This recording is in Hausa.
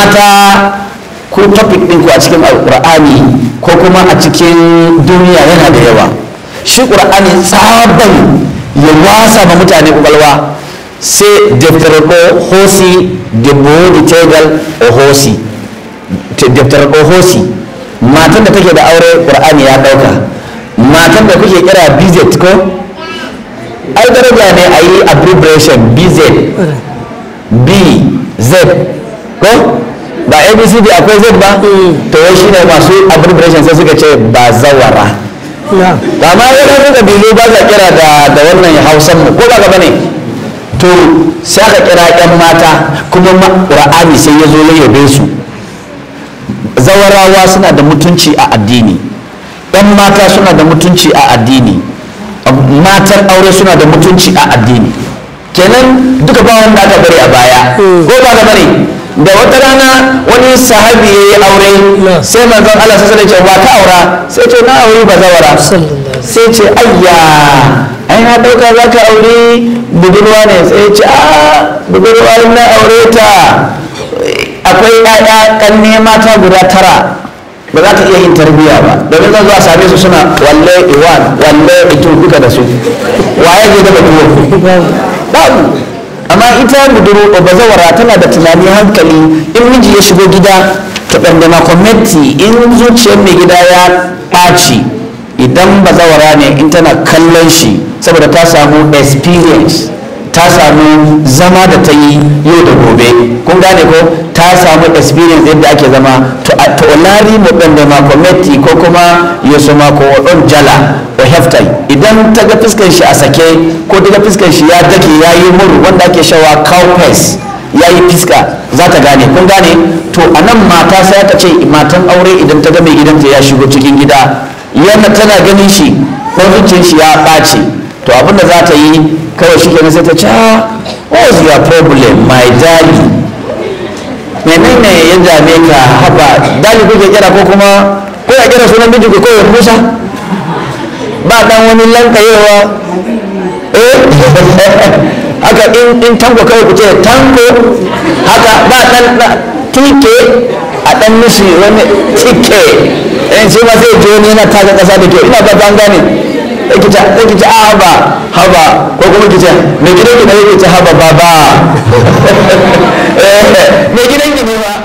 mata ko topic ɗinku a cikin alƙur'ani ko kuma a cikin duniya yana da yawa shi ƙur'ani sabon ya wasa ma mutane ƙwaƙwalwa sai deftarko hosi bodi tegal hosi deftarko hosi matan da take da aure ƙur'ani ya ɗauka matan da kuke kira bizet ko ai daraja ne a yi abbreviation bz b z ko ba abcd akwai z ba mm. to yau shi ne masu abbreviation sai suka ce ba zawara ba ma da su kabilu ba za kira da wannan hausan mu ko ba ka ne to sai aka kira yan mata kuma ra'ani sai ya zo ya yabe su zawarawa suna da mutunci a addini yan mata suna da mutunci a addini matan aure suna da mutunci a addini kenan duka ba wanda aka bari a baya mm. ko ba ka ne da wata rana wani sahabi ya yi aure sai manzon Allah sai sanin cewa ta aura sai ce na aure ba zawara sai ce ayya ai na dauka za ka aure budurwa ne sai ce a budurwa na aure ta akwai ƴaƴa kanne mata guda tara ba za ta iya yin tarbiyya ba domin zan a same su suna walle iwan walle ito duka da su waye zai daga duwa babu amma ita budurwa bazawara tana da tunani hankali in miji ya shigo gida ta ɗandana kwamiti in zuciyar mai gida ya ɓaci idan bazawara ne in tana kallon shi saboda ta samu experience ta samu zama da ta yi yau da gobe kun gane ko ya samu experience yadda ake zama to a tolari mutum da makometi ko kuma ya suma ko wadon jala wa heftai idan ta ga fuskar shi a sake ko ta ga fuskar shi ya dake ya yi muru wanda ake shawa cowpes ya yi fiska za ta gane kun gane to a nan mata sai ta ce matan aure idan ta ga mai gidan gidanta ya shigo cikin gida yana tana ganin shi ɗan shi ya ɓace to abin da za ta yi kawai shi kenan sai ta ce ah, what is your problem my darling menene ya dame ka haba dali kuke kira ko kuma ko ya kira sunan mijinku ko ya kusa ba dan wani lankayewa eh? haka in in tanko kawai ku ce tanko haka ba dan tike a dan nishi wani tike eh, in ce ma zai je ne na taka kasa da ke ina ba ban gane kita a ah, haba haba ko kuma kita mai gidan ki yi yake haba baba eh, me anyway,